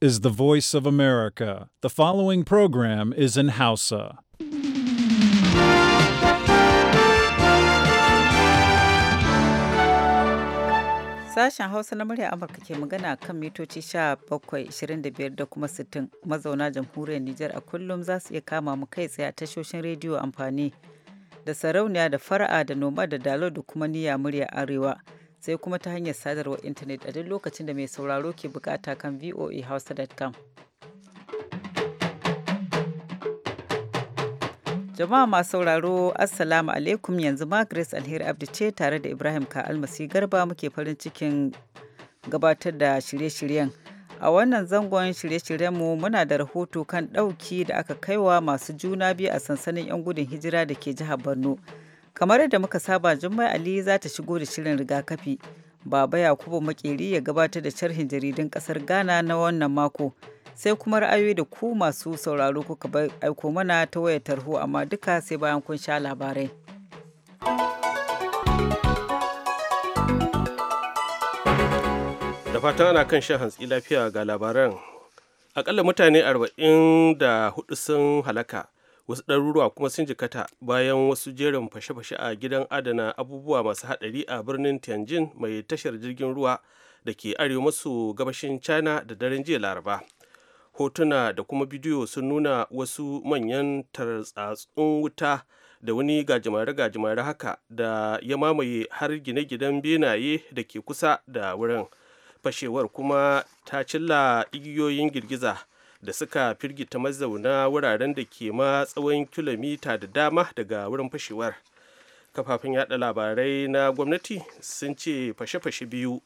is the voice of America. The following program is in Hausa. Sashen Hausa na murya Amurka ke magana kan mitoci 17,25 da kuma 60 mazauna jamhuriyar Nijar a kullum za su iya kama mu kai tsaye a tashoshin rediyo amfani da sarauniya da fara'a da noma da dalo da kuma niyya murya arewa. sai kuma ta hanyar sadarwar intanet a duk lokacin da mai sauraro ke bukata kan voahausa.com. Jama'a masu sauraro Assalamu alaikum yanzu ma Grace Alheri Abdu ce tare da Ibrahim ka almasi Garba muke farin cikin gabatar da shirye-shiryen. A wannan zangon shirye-shiryenmu muna da rahoto kan ɗauki da aka kaiwa masu juna biyu a sansanin 'yan gudun hijira da ke jihar Borno. kamar yadda muka saba jummai ali za ta shigo da shirin rigakafi baba yakubu makeri ya gabatar da sharhin jaridun kasar ghana na wannan mako sai kuma ra'ayoyi da ku masu sauraro kuka aiko mana ta wayar tarho amma duka sai bayan kun sha labarai da fatan ana kan shan hantsi lafiya ga labaran akalla mutane 44 sun halaka wasu ɗaruruwa kuma sun jikata bayan wasu jerin fashe-fashe a gidan adana abubuwa masu haɗari a birnin tianjin mai tashar jirgin ruwa da ke arewa maso gabashin china da daren jiya laraba hotuna da kuma bidiyo sun nuna wasu manyan tartsatsun wuta da wani gajimare-gajimare haka da ya mamaye har gine-ginen benaye da ke kusa da wurin fashewar kuma ta cilla igiyoyin girgiza da suka firgita mazauna wuraren da ke ma tsawon kilomita da dama daga wurin fashewar kafafen yada labarai na gwamnati sun ce fashe-fashe biyu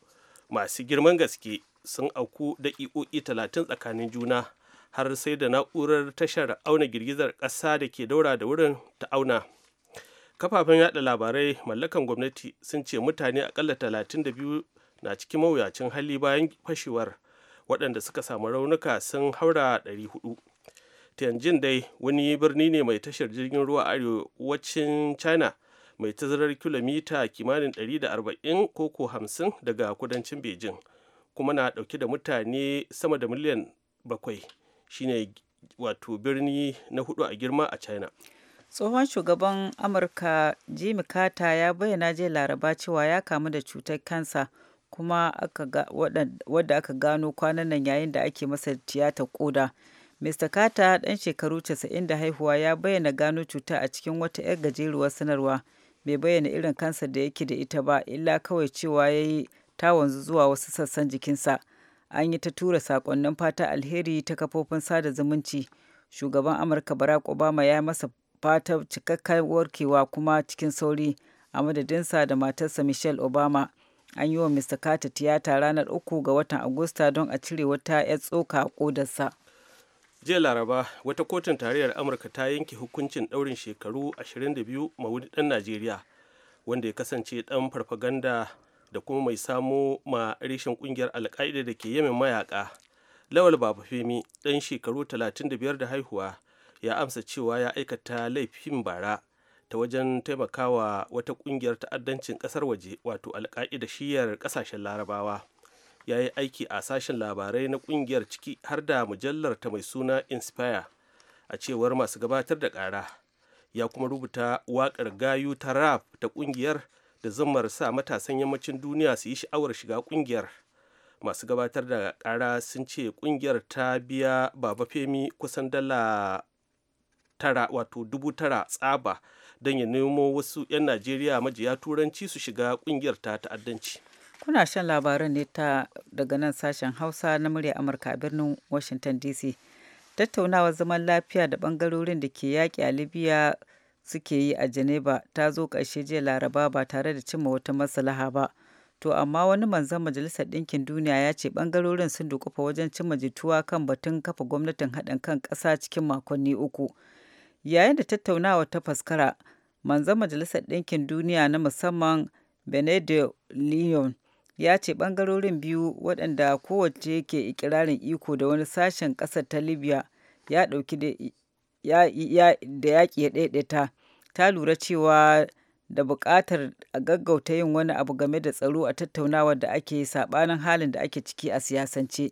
masu girman gaske sun auku daƙiƙoƙi talatin tsakanin juna har sai da na'urar tashar auna girgizar ƙasa da ke daura da wurin ta auna kafafen yada labarai mallakan gwamnati sun ce mutane akalla 32 na cikin mawuyacin hali bayan fashewar waɗanda suka samu raunuka sun haura 400 tianjin dai wani birni ne mai tashar jirgin ruwa arewacin china mai tazarar kilomita kimanin 140 ko ko 50 daga kudancin beijing kuma na ɗauke da mutane sama da miliyan bakwai shine wato birni na hudu a girma a china tsohon shugaban amurka jimmy carter ya bayyana jiya laraba cewa ya kamu da cutar kansa kuma wadda aka gano kwanan nan yayin da ake masa tiyata koda. Mr. Carter ɗan shekaru 90 da haihuwa ya bayyana gano cuta a cikin wata 'yar gajeruwar sanarwa. Bai bayyana irin kansa da yake da ita ba, illa kawai cewa ya yi ta wanzu zuwa wasu sassan jikinsa. An yi ta tura saƙonnin fata alheri ta kafofin sada zumunci. Shugaban Amurka Barack Obama ya masa fata cikakkar warkewa kuma cikin sauri a madadinsa da matarsa Michelle Obama. an yi wa mr carter tiyata ranar uku ga watan agusta don a cire wata 'yar tsoka a kodarsa jiya laraba wata kotun tarayyar amurka ta yanke hukuncin ɗaurin shekaru 22 ma wani najeriya wanda ya kasance ɗan farfaganda da kuma mai samo ma reshen kungiyar alka'ida da ke yamin mayaka lawal baba femi ɗan shekaru 35 da haihuwa ya amsa cewa ya aikata laifin bara ta wajen taimakawa wata kungiyar ta'addancin kasar waje wato alka'ida shiyar kasashen larabawa ya yi aiki a sashen labarai na kungiyar ciki har da mujallar ta mai suna inspire a cewar masu gabatar da kara ya kuma rubuta waƙar gayu ta rap ta kungiyar da zumar sa matasan yammacin duniya su yi sha'awar shiga kungiyar masu gabatar da kara sun ce kungiyar ta biya baba femi kusan dala tara wato dubu tara tsaba don ya nemo wasu 'yan najeriya majiya turanci su shiga kungiyar ta ta'addanci kuna shan labaran ne ta daga nan sashen hausa na murya amurka a birnin washington dc tattaunawar zaman lafiya da bangarorin da ke yaƙi a libya suke yi a geneva ta zo ƙarshe jiya laraba ba tare da cimma wata maslaha ba to amma wani manzan majalisar ɗinkin duniya ya ce bangarorin sun dukufa wajen cimma jituwa kan batun kafa gwamnatin haɗin kan ƙasa cikin makonni uku yayin da tattaunawa ta faskara manzan majalisar ɗinkin duniya na musamman benedict leon ya ce ɓangarorin biyu waɗanda kowace ke ikirarin iko da wani sashen ƙasar ta libya ya ɗauki da yaƙi ya ɗaiɗaita ta lura cewa da buƙatar a gaggauta yin wani abu game da tsaro a tattaunawar da ake saɓanin halin da ake ciki a siyasance.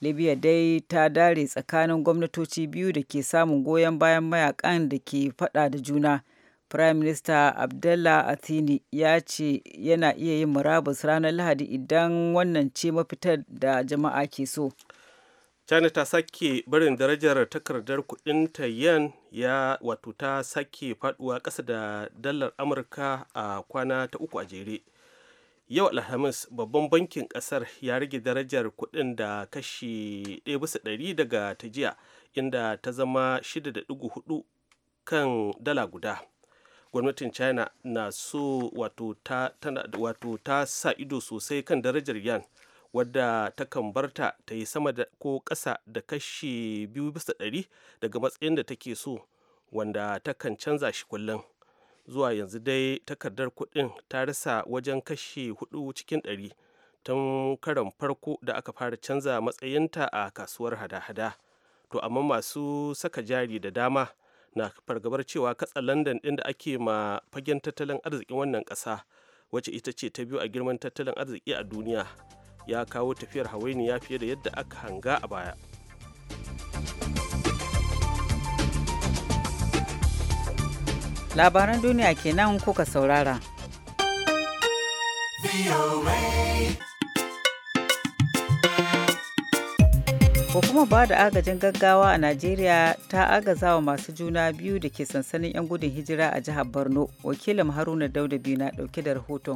libya dai ta dare tsakanin gwamnatoci biyu da ke samun goyon bayan mayakan da ke fada da juna prime minister abdullah athini ya ce yana iya yin murabus ranar lahadi idan wannan ce mafitar da jama'a ke so china ta sake barin darajar takardar kudin yen ya wato ta sake faduwa kasa da dalar amurka a kwana ta uku a jere yau alhamis babban bankin kasar ya rage darajar kudin da kashi 1 bisa 100 daga ta jiya inda ta zama 6.4 kan dala guda gwamnatin china na so wato ta, sa ido sosai kan darajar yan wadda ta kan barta ta yi sama da ko kasa da kashi 2 bisa 100 daga matsayin da take so wanda ta kan canza shi kullum zuwa yanzu dai takardar kuɗin ta rasa wajen kashe hudu cikin ɗari tun karon farko da aka fara canza matsayinta a kasuwar hada-hada to amma masu saka jari da dama na fargabar cewa katsa london ɗin da ake ma fagen tattalin arzikin wannan ƙasa wacce ita ce ta biyu a girman tattalin arziki a duniya ya kawo tafiyar hawainiya fiye da yadda aka hanga a baya. labaran duniya kenan kuka saurara hukumar ba da agajin gaggawa a najeriya ta agazawa masu juna biyu da ke sansanin 'yan gudun hijira a jihar borno wakilin haruna dauda biyu na dauke da rahoton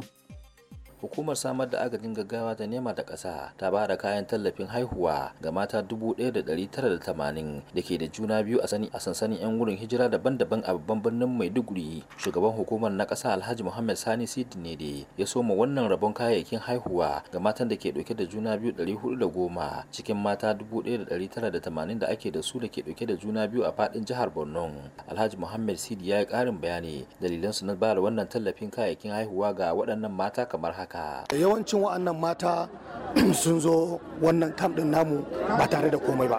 hukumar samar da agajin gaggawa ta nema da ƙasa ta ba da kayan tallafin haihuwa ga mata 1,980 da ke da juna biyu a sansanin 'yan wurin hijira daban-daban a babban birnin maiduguri shugaban hukumar na ƙasa alhaji muhammad sani sidi ne da ya soma wannan rabon kayayyakin haihuwa ga matan da ke ɗauke da juna biyu 410 cikin mata 1,980 da ake da su da ke ɗauke da juna biyu a faɗin jihar borno alhaji muhammad sidi ya yi ƙarin bayani dalilan su na ba da wannan tallafin kayayyakin haihuwa ga waɗannan mata kamar haka haka yawancin wa'annan mata sun zo wannan kam din namu ba tare da komai ba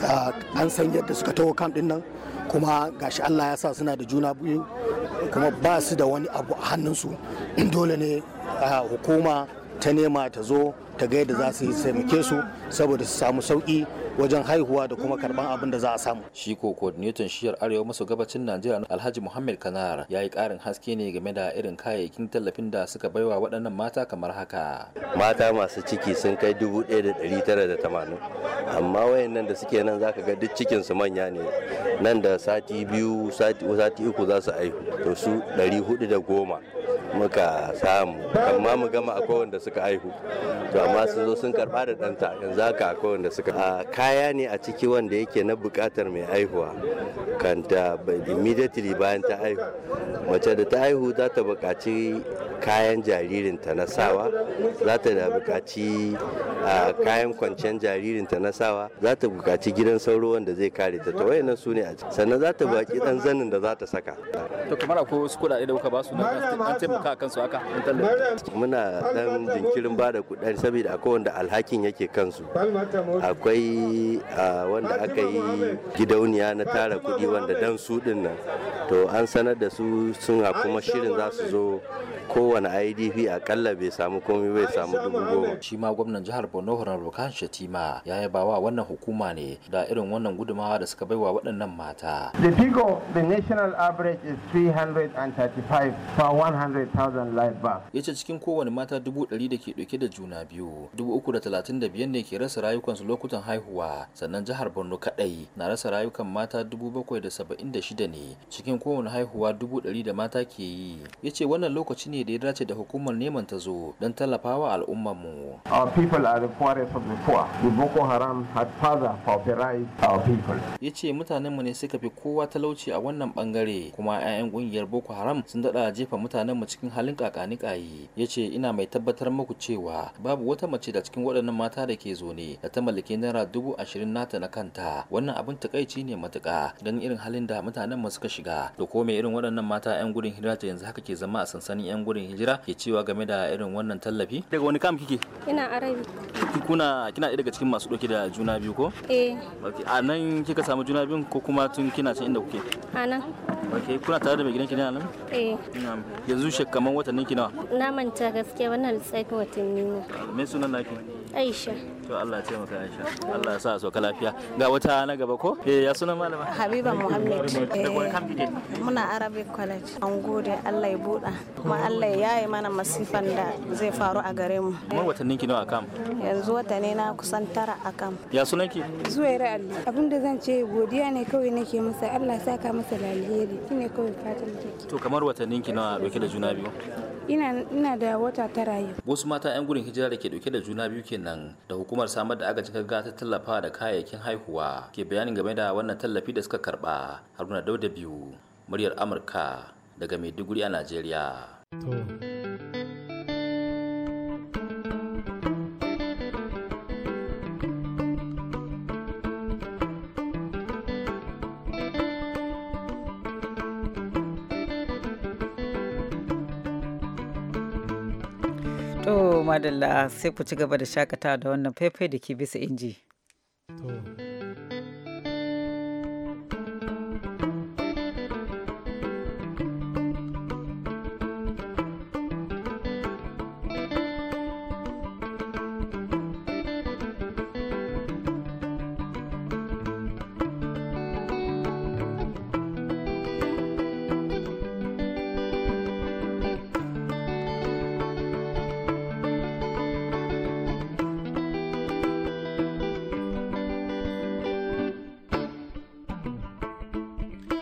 ah, an san yadda suka taho kam din nan kuma gashi Allah ya sa suna da juna biyu kuma ba su da wani abu a hannunsu dole ne ah, hukuma ta nema ta zo ta ga yadda za su yi taimake su saboda su samu sauki wajen haihuwa da kuma karban abin da za a samu. Shi ko coordinator shiyar arewa maso gabacin Najeriya Alhaji Muhammad Kanar ya yi karin haske ne game da irin kayayyakin tallafin da suka baiwa waɗannan mata kamar haka. Mata masu ciki sun kai dubu ɗaya da ɗari tara da tamanin amma wayannan da suke nan zaka ga duk cikin su manya ne nan da sati biyu sati uku za su aihu to su ɗari hudu da goma muka samu amma mu gama akwai wanda suka haihu to amma sun zo sun karba da ɗanta yanzu haka akwai wanda suka a ah, kaya ne a ciki wanda yake na buƙatar mai haihuwa kanta immediately bayan ta haihu mace da ta haihu za ta buƙaci kayan jaririnta na sawa za ta da buƙaci ah, kayan kwanciyar jaririnta na sawa za ta buƙaci gidan sauro wanda zai kare ta to wayannan su ne a ciki sannan za ta baƙi dan zanin da za ta saka to kamar akwai wasu kuɗaɗe da kuka ba su na an taimaka kansu haka muna dan jinkirin ba da kudin saboda akwai wanda alhakin yake kansu akwai wanda aka yi gidauniya na tara kudi wanda dan su din nan to an sanar da su sun kuma shirin za su zo kowane idp akalla bai samu komai bai samu dubu goma shi ma gwamnan jihar borno honorable kan shatima ya yaba wa wannan hukuma ne da irin wannan gudumawa da suka bai wa waɗannan mata the figure the national average is 335 per 100 30,000 live births. Ya ce cikin kowane mata dubu ɗari da ke dauke da juna biyu, dubu da talatin da ne ke rasa rayukansu lokutan haihuwa, sannan jihar Borno kaɗai na rasa rayukan mata dubu da saba'in shida ne cikin kowane haihuwa dubu ɗari da mata ke yi. Ya ce wannan lokaci ne da ya dace da hukumar neman ta zo don tallafawa mu. Our people are the poorest the poor. The Boko Haram had further pauperized our people. Ya ce mutanenmu ne suka fi kowa talauci a wannan bangare kuma 'ya'yan ƙungiyar Boko Haram sun daɗa jefa mutanen mu cikin cikin halin kakani ya ce ina mai tabbatar muku cewa babu wata mace da cikin waɗannan mata da ke zo ne da ta mallake naira dubu ashirin nata na kanta wannan abin takaici ne matuƙa don irin halin da mutanen mu suka shiga da ko mai irin waɗannan mata 'yan gudun hijira da yanzu haka ke zama a sansanin 'yan gudun hijira ke cewa game da irin wannan tallafi daga wani kam kike ina arabi kuna kina daga cikin masu dauke da juna biyu ko eh a nan kika samu juna biyun ko kuma tun kina can inda kuke a nan ok kuna tare da mai ki ne a nan eh yanzu kamar watannin ki nawa na manta gaskiya wannan lissafin watanni ne me sunan naki aisha to Allah ya taimaka Aisha Allah ya sa ka lafiya ga wata na gaba ko eh ya sunan malama Habiba Muhammad eh, muna Arabic College an gode Allah ya buɗa kuma Allah ya yi mana masifan da zai faru a gare mu kuma watannin ki nawa kam yanzu watanni na kusan tara a kam ya sunan ki Zuwaira Ali abinda zan ce godiya ne kawai nake masa Allah ya saka masa alheri shine kawai fatan to kamar watannin ki nawa dauke da juna biyu ina ina da wata tara yau wasu mata yan gurin hijira da ke dauke da juna biyu kenan da hukuma hukumar samar da agajin gaggawa ta tallafa da kayayyakin haihuwa ke bayanin game da wannan tallafi da suka karba haruna dauda biyu muryar amurka daga maiduguri a najeriya madalla sai ku ci gaba da shakatawa da wannan faifai da ke bisa inji.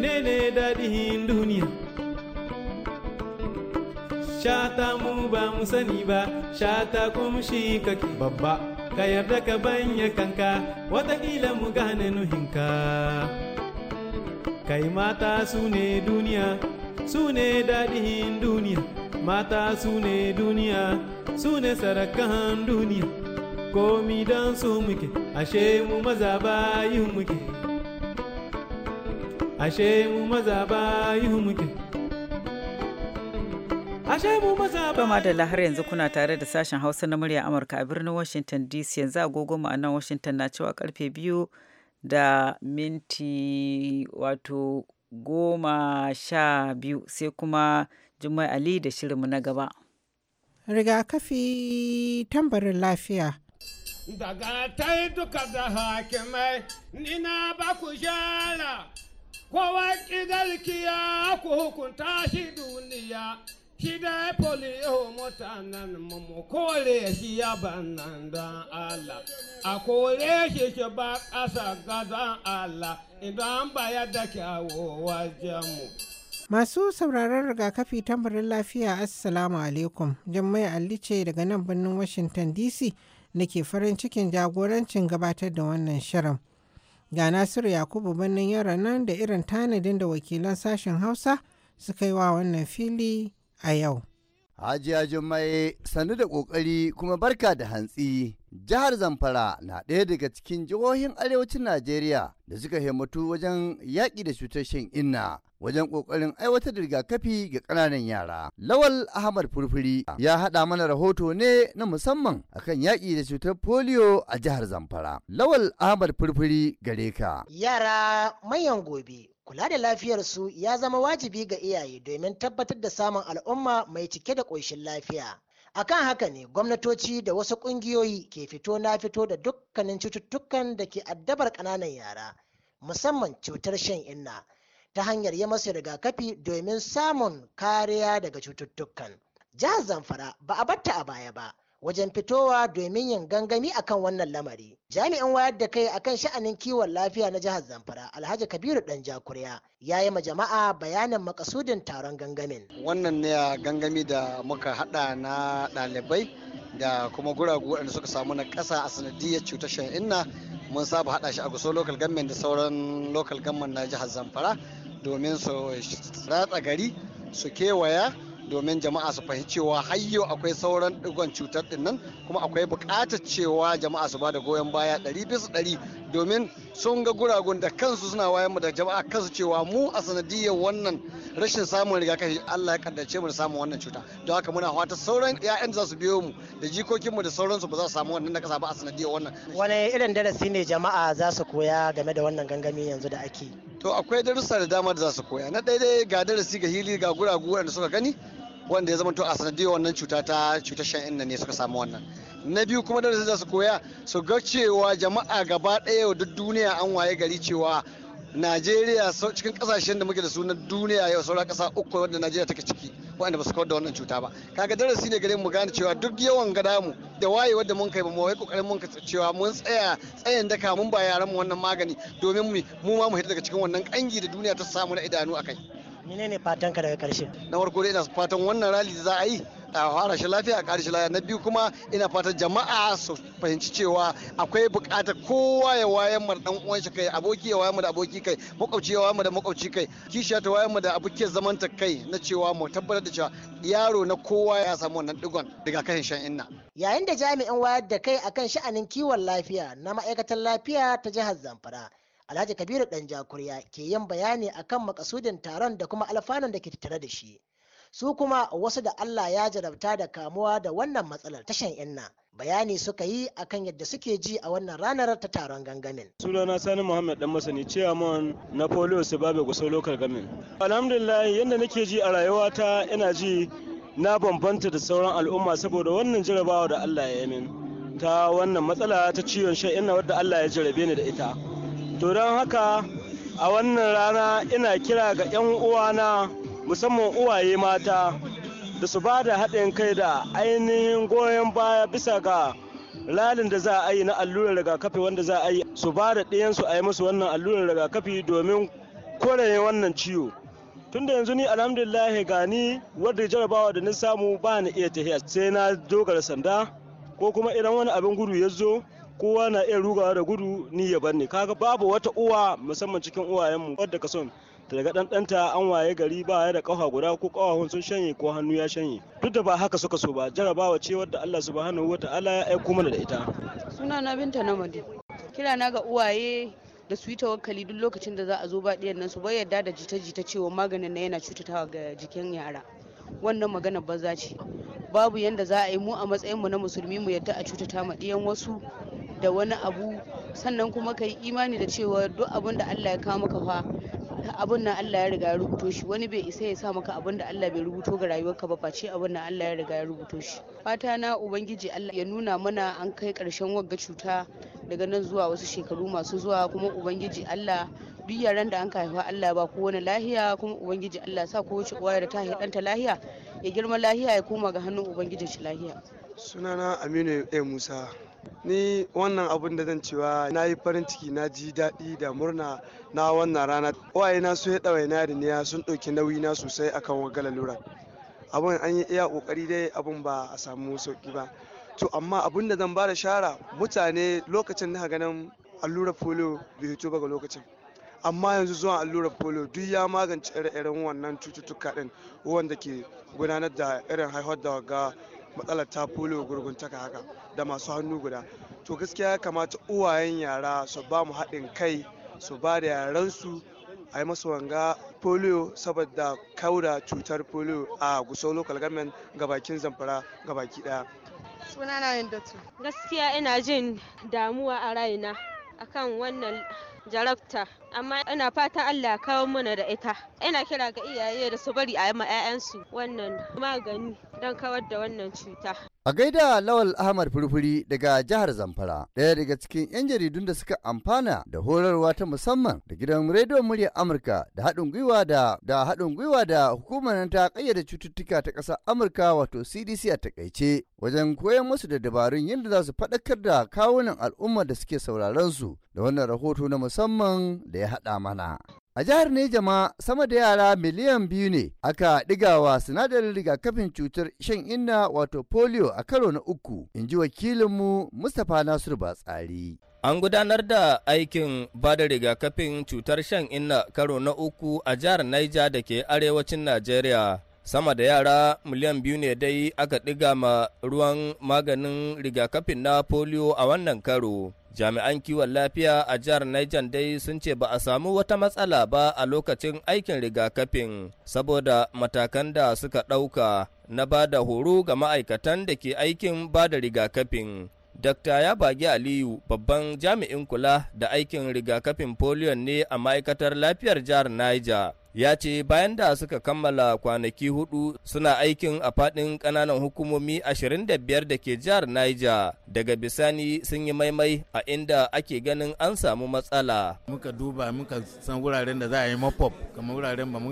menene daɗin duniya shata mu ba mu sani ba shata kuma shi kake babba ka yarda ka banya kanka watakila mu gane nuhinka kai mata su ne duniya su ne daɗin duniya mata su ne duniya su ne sarakan duniya komi don su muke ashe mu maza yi muke ashe mu maza bayihu muke ashe mu maza ba da lahar yanzu kuna tare da sashen hausa na murya amurka a birnin washington dc yanzu agogo mu a nan washington na cewa karfe biyu da minti wato goma sha biyu sai kuma jummai ali da shirinmu na gaba rigakafi tambarin lafiya daga ta duka da hakimai nina ba ku shara kowa ki galkiya ku hukunta shi duniya shi da polio mutanen mu kore shi ya bannan don Allah a kore shi shi ba ƙasa gadon Allah idan ba ya da kyawo wajen mu. Masu sauraron rigakafi tambarin lafiya Assalamu alaikum, Jummai Ali ce daga nan birnin Washington DC nake farin cikin jagorancin gabatar da wannan shirin. ga nasiru yakubu birnin yara nan da irin tanadin da wakilan sashen hausa suka yi wa wannan fili a yau Hajiya Jummai sannu da ƙoƙari kuma barka da hantsi. Jihar Zamfara na ɗaya daga cikin jihohin arewacin Najeriya da suka himmatu wajen yaƙi da cutar shan inna wajen ƙoƙarin aiwatar da rigakafi ga ƙananan yara. Lawal Ahmad Furfuri ya haɗa mana rahoto ne na musamman akan yaƙi da cutar polio a jihar Zamfara. Lawal Ahmad Furfuri gare ka. Yara manyan gobe Kula da lafiyarsu ya zama wajibi ga iyaye domin tabbatar da samun al'umma mai cike da ƙoshin lafiya. Akan haka ne gwamnatoci da wasu ƙungiyoyi ke fito na fito da dukkanin cututtukan da ke addabar ƙananan yara, musamman cutar shan inna, ta hanyar yi masu rigakafi domin samun kariya daga cututtukan. Jihar Zamfara ba a batta a baya ba. wajen fitowa domin yin gangami akan wannan lamari. Jami'in wayar da kai akan sha'anin kiwon lafiya na jihar Zamfara, Alhaji Kabiru Dan Jakuriya, ya yi ma jama'a bayanin makasudin taron gangamin. Wannan ne gangami da muka hada na ɗalibai da kuma guragu waɗanda suka samu na ƙasa a sanadiyar cutar shan inna mun saba hada shi a guso local government da sauran local government na jihar Zamfara domin su ratsa gari su kewaya domin jama'a su fahimci cewa hayyo akwai sauran digon cutar din nan kuma akwai buƙatar cewa jama'a su ba da goyon baya ɗari bisa ɗari domin sun ga guragun da kansu suna wayan mu da jama'a kansu cewa mu a sanadiyar wannan rashin samun rigakafi Allah ya kaddace mu da samun wannan cuta don haka muna fata sauran ƴaƴan da za su biyo mu da jikokin mu da sauransu ba za su samu wannan nakasa ba a sanadiyar wannan wani irin darasi ne jama'a za su koya game da wannan gangami yanzu da ake to akwai darussa da dama da za su koya na ɗaya dai ga darasi ga hili ga guragu wanda suka gani wanda ya zama to a sanadiyar wannan cuta ta cutar shan inna ne suka samu wannan na biyu kuma darasi za su koya su ga cewa jama'a gaba ɗaya duk duniya an waye gari cewa najeriya cikin kasashen da muke da sunan duniya yau saura kasa uku wanda najeriya take ciki wanda ba su kawar da wannan cuta ba kaga darasi ne gare mu gane cewa duk yawan gada mu da waye wadda mun kai ba mu wai kokarin mun cewa mun tsaya tsayin daka mun ba yaran mu wannan magani domin mu ma mu hita daga cikin wannan kangi da duniya ta samu na idanu akai menene ka daga karshe na farko dai ina fatan wannan rali za a yi a fara shi lafiya a ƙari shi lafiya na biyu kuma ina fata jama'a su fahimci cewa akwai buƙatar kowa ya wayan mu dan uwan shi kai aboki ya wayan mu da aboki kai makwabci ya wayan mu da makwabci kai kishiya ta wayan mu da abokiyar zaman ta kai na cewa mu tabbatar da cewa yaro na kowa ya samu wannan digon daga kan shan inna yayin da jami'in wayar da kai akan sha'anin kiwon lafiya na ma'aikatan lafiya ta jihar Zamfara Alhaji Kabiru Ɗan Jakuriya ke yin bayani akan makasudin taron da kuma alfanun da ke tattare da shi. su kuma wasu da Allah ya jarabta da kamuwa da wannan matsalar tashan inna bayani suka yi akan yadda suke ji a wannan ranar ta taron gangamin. Sunana Sani Muhammad dan masani chairman na Polio Sibabe Gusau Local Gamin. Alhamdulillah yadda nake ji a rayuwata ina ji na bambanta da sauran al'umma saboda wannan jarabawa da Allah ya min ta wannan matsala ta ciwon shan inna wadda Allah ya jarabe ni da ita. To don haka a wannan rana ina kira ga 'yan uwana musamman uwaye mata da su ba da haɗin kai da ainihin goyon baya bisa ga lalin da za a yi na allurar rigakafi wanda za a yi su ba da ɗiyansu a yi musu wannan allurar rigakafi domin kore wannan ciwo tun da yanzu ni alhamdulillah gani wadda jarabawa da na samu ba na iya tafiya sai na dogara sanda ko kuma idan wani abin gudu ya zo kowa na iya rugawa da gudu ni ya bar ni kaga babu wata uwa musamman cikin uwayenmu wadda ka son ta daga ɗanɗanta an waye gari ba ya da ƙafa guda ko ƙafafun sun shanye ko hannu ya shanye duk da ba haka suka so ba jarabawa ce wadda Allah subhanahu wa ta'ala ya aiko mana da ita suna na binta na kira na ga uwaye da su yi tawakkali duk lokacin da za a zo ba ɗiyan nan su bai yarda da jita-jita cewa maganin na yana cutatawa ga jikin yara wannan magana banza ce babu yanda za a yi mu a matsayin mu na musulmi mu yarda a cutata ma ɗiyan wasu da wani abu sannan kuma ka yi imani da cewa duk abin da Allah ya kawo maka fa abun nan Allah ya riga ya rubuto shi wani bai isa ya sa maka abun da Allah bai rubuto ga rayuwarka ba face abun nan Allah ya riga ya rubuto shi fata na ubangiji Allah ya nuna mana an kai karshen wagga cuta daga nan zuwa wasu shekaru masu zuwa kuma ubangiji Allah duk yaran da an haifa Allah ba wani lahiya kuma ubangiji Allah sa wace uwa da ta haɗanta lahiya ya girma lahiya ya koma ga hannun ubangiji shi lahiya sunana Aminu Musa ni wannan abun da zan cewa na yi farin ciki na ji daɗi da murna na wannan rana waye na su ya ɗawa na da niya sun ɗauki nauyi na sosai akan wagala lura abun an yi iya ƙoƙari dai abun ba a samu sauƙi ba to amma abun da zan ba da shara mutane lokacin da ganin allurar polio bai hito ba ga lokacin amma yanzu zuwa allurar polio duk ya magance ire-iren wannan cututtuka ɗin wanda ke gudanar da irin haihuwar da ga matsalar ta folo taka haka da masu hannu guda to gaskiya ya kamata uwayen yara su ba mu haɗin kai su ba da yaransu a yi masu wanga polio saboda kauda cutar polio a gusau local government ga bakin zamfara ga daya suna na yin datu gaskiya ina jin damuwa a raina akan wannan jarabta amma ina fata allah kawo mana da ita ina kira ga iyaye da su bari a yi ma wannan magani don kawar da wannan cuta. A gaida Lawal Ahmad Furfuri daga jihar Zamfara, ɗaya daga cikin 'yan jaridun da suka amfana da horarwa ta musamman da gidan rediyon Murya Amurka da haɗin gwiwa da da haɗin gwiwa da hukumar ta ƙayyade cututtuka ta ƙasar Amurka wato CDC a takaice wajen koyan musu da dabarun yadda za su faɗakar da kawunan al'ummar da suke sauraron su da wannan rahoto na musamman da ya haɗa mana. A jihar Nejama sama da yara miliyan biyu ne aka ɗigawa sinadarin rigakafin cutar shan inna wato polio a karo na uku in ji wakilinmu mustapha nasiru batsari An gudanar da aikin ba da rigakafin cutar shan inna karo na uku a jihar Niger da ke arewacin Najeriya. Sama da yara miliyan biyu ne dai aka ɗiga ma ruwan maganin rigakafin na polio a wannan karo. Jami'an kiwon lafiya a jihar Niger dai sun ce ba a samu wata matsala ba a lokacin aikin rigakafin saboda matakan da suka ɗauka na ba da horo ga ma'aikatan da ke aikin ba da rigakafin. Dr. Yabagi Aliyu babban jami'in kula da aikin rigakafin polio ne a ma'aikatar lafiyar jihar Niger. Ya ce bayan da suka kammala kwanaki hudu suna aikin a faɗin kananan hukumomi 25 da ke jihar Niger daga bisani sun yi maimai a inda ake ganin an samu matsala. Muka duba muka san wuraren da za a yi kamar wuraren ba mu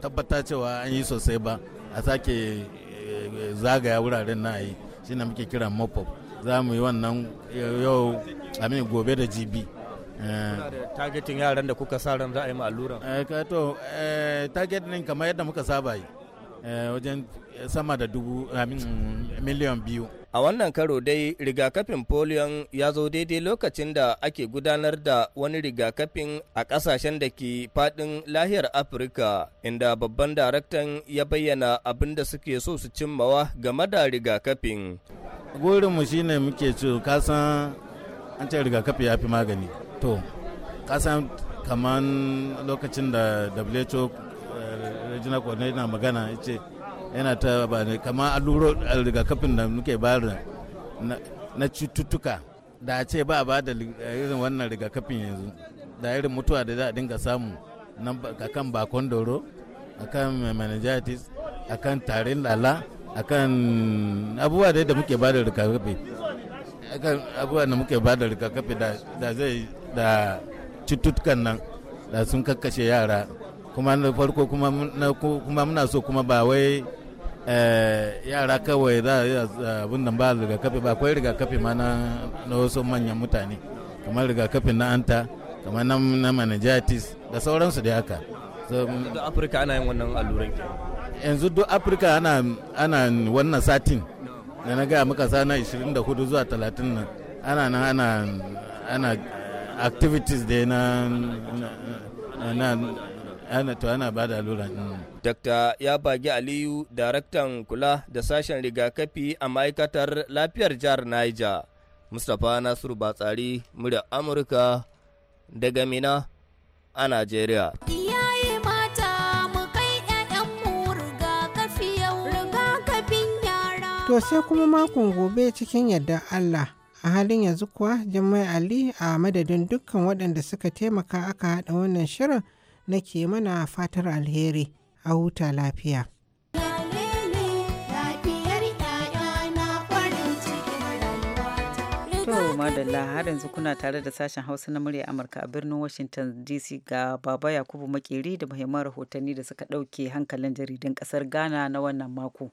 tabbata cewa an yi sosai ba a sake eh, zagaya wuraren na yi shi na muke kira mopop za mu yi wannan eh, yau amin gobe da jibi eh. targetin yaran da kuka sa ran za a yi ma alluran to target din kamar yadda muka saba yi Eh, wajen eh, sama da dubu miliyan biyu. A wannan karo dai rigakafin polion ya zo daidai lokacin da ake gudanar da wani rigakafin a ƙasashen da ke faɗin lahiyar Afirka, inda babban daraktan ya bayyana abin da suke so su cimmawa game da rigakafin. Gurinmu shine muke ce kasan an ce rigakafi ya fi magani. To, kasan kamar lokacin da WHO regional coordinator na magana ya ce yana ta ba ne kama alluro rigakafin da muke bayar na cututtuka da a ce ba a ba da irin wannan rigakafin yanzu da irin mutuwa da za a dinga samu a kan bakon doro a kan meningitis a kan tarin lala a kan abubuwa da muke ba da rigakafi akan abubuwa da muke ba da rigakafi da zai da cututtukan nan da sun kakkashe yara kuma na farko kuma muna so kuma ba wai eh, yara kawai za a abin da ba rigakafi ba akwai rigakafi ma na wasu manyan mutane kamar rigakafin na anta kamar na meningitis da sauransu da haka duk afirka ana yin wannan alluran yanzu duk afirka ana wannan satin da na gaya muka sana 24 zuwa 30 nan ana nan ana ana activities da na ana to ana ba da allura Dr. Yabagi Aliyu, daraktan kula da sashen rigakafi a ma'aikatar lafiyar jihar Niger. Mustapha Nasiru Batsari, murya Amurka daga Mina a Najeriya. To sai kuma makon gobe cikin yadda Allah. a halin yanzu kuwa jimai ali a madadin dukkan waɗanda suka taimaka aka haɗa wannan shirin nake mana fatar alheri a huta lafiya. To madalla har yanzu kuna tare da sashen Hausa na murya Amurka a birnin Washington DC ga Baba Yakubu Makeri da muhimman rahotanni da suka ɗauke hankalin jaridan ƙasar Ghana na wannan mako.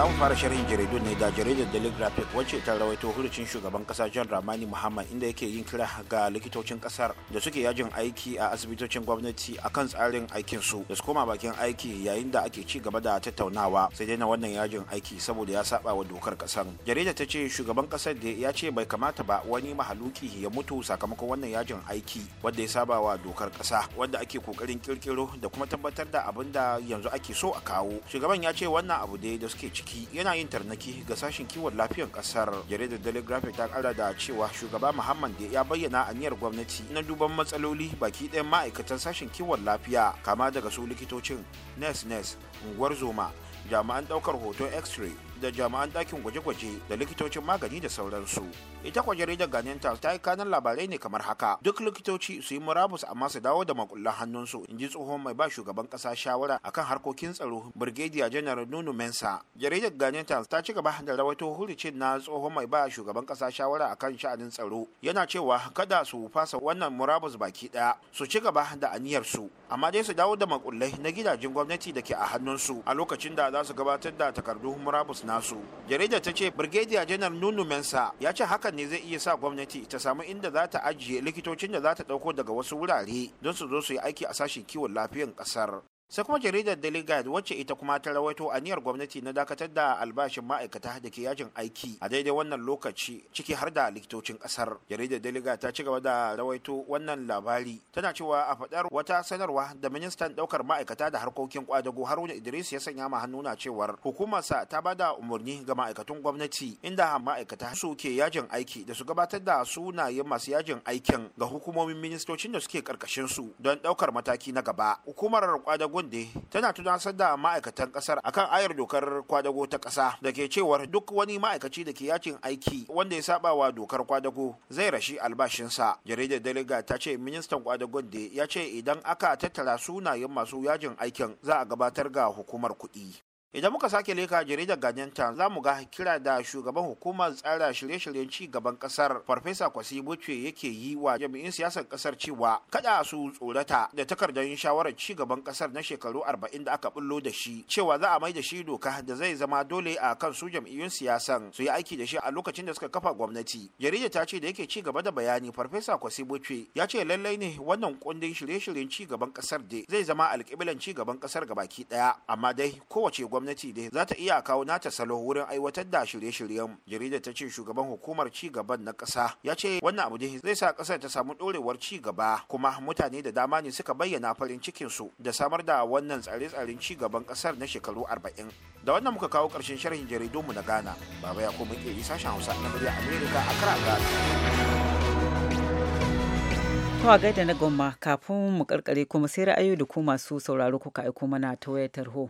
za mu fara sharhin jaridu ne da jaridar daily graphic wacce ta rawaito hurucin shugaban kasa john ramani muhammad inda yake yin kira ga likitocin kasar da suke yajin aiki a asibitocin gwamnati akan tsarin aikin su da su koma bakin aiki yayin da ake ci gaba da tattaunawa sai dai na wannan yajin aiki saboda ya saba wa dokar kasar jaridar ta ce shugaban kasar da ya ce bai kamata ba wani mahaluki ya mutu sakamakon wannan yajin aiki wanda ya saba wa dokar kasa wanda ake kokarin kirkiro da kuma tabbatar da abin da yanzu ake so a kawo shugaban ya ce wannan abu dai da suke ciki tarnaki yana yin tarnaki ga sashen kiwon lafiyan kasar jaridar telegraphic ta kara da cewa shugaba muhammad ya bayyana a aniyar gwamnati na duban matsaloli baki ɗayan ma'aikatan sashen kiwon lafiya kama daga su likitocin nes nes unguwar zoma jami'an ɗaukar hoton x-ray da jami'an ɗakin gwaje-gwaje da likitocin magani da sauransu ita kwa jaridar ganinta ta yi kanan labarai ne kamar haka duk likitoci su yi murabus amma su dawo da makullan hannunsu in ji tsohon mai ba shugaban ƙasa shawara akan harkokin tsaro brigadier general Nuno mensa jaridar ganinta ta ci gaba da rawaito hulicin na tsohon mai ba shugaban ƙasa shawara akan sha'anin tsaro yana cewa kada su fasa wannan murabus baki ɗaya su ci gaba da aniyarsu amma dai su dawo da makullai na gidajen gwamnati da ke a hannunsu a lokacin da za su gabatar da takardun murabus nasu jaridar ta ce brigadier janar nunu mensa ya ce hakan ne zai iya sa gwamnati ta samu inda za ta ajiye likitocin da za ta dauko daga wasu wurare don su zo su yi aiki a sashen kiwon lafiyan kasar sai kuma jaridar daily guide wacce ita kuma ta rawaito a aniyar gwamnati na dakatar da albashin ma'aikata da ke yajin aiki a daidai wannan lokaci ciki har da likitocin kasar jaridar daily guide ta ci gaba da rawaito wannan labari tana cewa a faɗar wata sanarwa da ministan ɗaukar ma'aikata da harkokin kwadago haruna idris ya sanya ma hannu na cewar hukumarsa ta bada umarni ga ma'aikatan gwamnati inda ma'aikata su ke yajin aiki da su gabatar da sunayen masu yajin aikin ga hukumomin ministocin da suke karkashin su don ɗaukar mataki na gaba hukumar kwadago sanarwar ne tana tunasar da ma'aikatan kasar akan ayar dokar kwadago ta kasa da ke cewar duk wani ma'aikaci da ke yakin aiki wanda ya saba wa dokar kwadago zai rashi albashinsa jaridar daliga ta ce ministan kwadagon da ya ce idan aka tattara sunayen masu yajin aikin za a gabatar ga hukumar kuɗi idan muka sake leka jaridar ganyen ta za mu ga kira da shugaban hukumar tsara shirye-shiryen ci gaban kasar farfesa kwasi Bucce yake yi wa jami'in siyasar kasar cewa kada su tsorata da takardar shawarar ci gaban kasar na shekaru arba'in da aka bullo da shi cewa za a mai da shi doka da zai zama dole a kan su jam'iyyun siyasan su yi aiki da shi a lokacin da suka kafa gwamnati jaridar ta ce da yake ci gaba da bayani farfesa kwasi Bucce ya ce lallai ne wannan kundin shirye-shiryen ci gaban kasar da zai zama alƙiblan ci gaban kasar gabaki daya amma dai kowace gwamnati gwamnati da za ta iya kawo nata salo wurin aiwatar da shirye-shiryen jarida ta ce shugaban hukumar ci gaban na ƙasa ya ce wannan abu dai zai sa ƙasar ta samu ɗorewar ci gaba kuma mutane da dama ne suka bayyana farin cikinsu da samar da wannan tsare-tsaren ci gaban ƙasar na shekaru arba'in da wannan muka kawo ƙarshen sharhin jaridunmu na ghana baba ya kuma ƙeri sashen hausa na murya amerika a kara ghana To a gaida na gomma kafin mu karkare kuma sai ra'ayoyi da ku masu sauraro kuka aiko mana ta wayar tarho.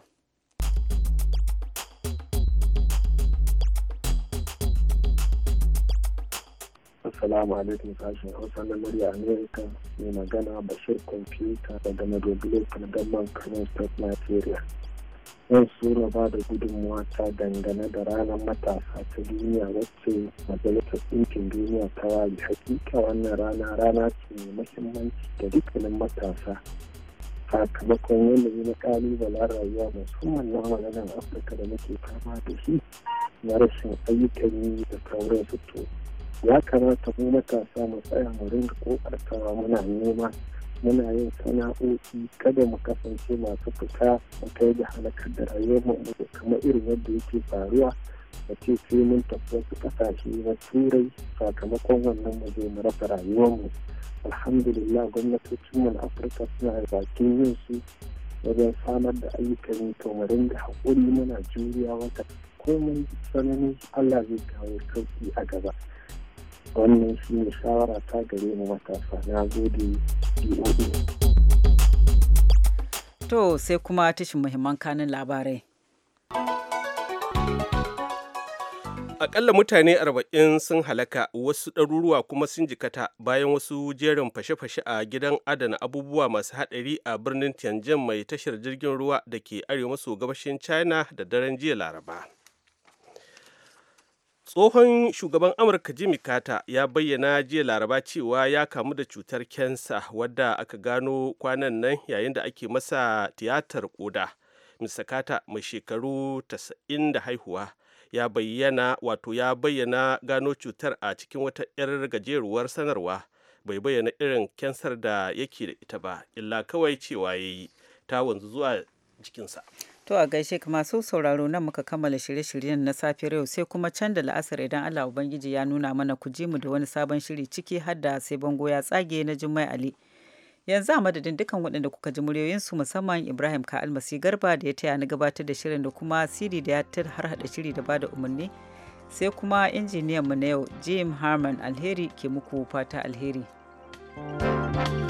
Assalamu alaikum sashen Hausa na murya Amerika mai magana Bashir Kwamfuta daga kan Kalgamman Kano State Nigeria. Zan sura ba da gudunmuwa ta dangane da ranar matasa ta duniya wacce majalisar ɗinkin duniya ta wari hakika wannan rana rana ce mai muhimmanci da dukkanin matasa sakamakon yanayi na kalubalen rayuwa musamman na maganar afirka da muke kama da shi na rashin ayyukan yi da sauransu fito. ya kamata mu matasa mu tsaya mu ringa kokartawa muna nema muna yin sana'o'i kada mu kasance masu fita mu kai da halakar da rayuwar mu kamar irin yadda yake faruwa da ce sai mun tafi wasu kasashe na turai sakamakon wannan mu zai mu rasa mu alhamdulillah mu na afirka suna da bakin yin su wajen samar da ayyukan yi to mu ringa haƙuri muna juriya wata komai sanani allah zai kawo sauki a gaba wannan shi ne shawara ta gare mu matasa na gode to sai kuma tashin muhimman kanin labarai akalla mutane arba'in sun halaka wasu ɗaruruwa kuma sun jikata bayan wasu jerin fashe-fashe a gidan adana abubuwa masu haɗari a birnin tianjin mai tashar jirgin ruwa da ke arewa maso gabashin china da daren jiya laraba tsohon shugaban amurka jimmy carter ya bayyana jiya laraba cewa ya kamu da cutar kensa wadda aka gano kwanan nan yayin da ake masa tiyatar koda mr carter mai shekaru 90 da haihuwa ya bayyana wato ya bayyana gano cutar a cikin wata 'yar gajeruwar sanarwa bai bayyana irin kensar da yake da ita ba illa kawai cewa ya yi ta wanzu zuwa jikinsa To a gaishe ka masu sauraro nan muka kammala shirye-shiryen na safiyar yau sai kuma can da la'asar idan Allah Ubangiji ya nuna mana ku ji mu da wani sabon shiri ciki har da sai bango ya tsage na Jummai Ali. Yanzu a madadin dukkan waɗanda kuka ji muryoyin su musamman Ibrahim Ka Almasi Garba da ya taya ni gabatar da shirin da kuma sirri da ya har hada shiri da bada umarni. Sai kuma injiniyan mu na yau Jim Harman Alheri ke muku fata alheri. thank you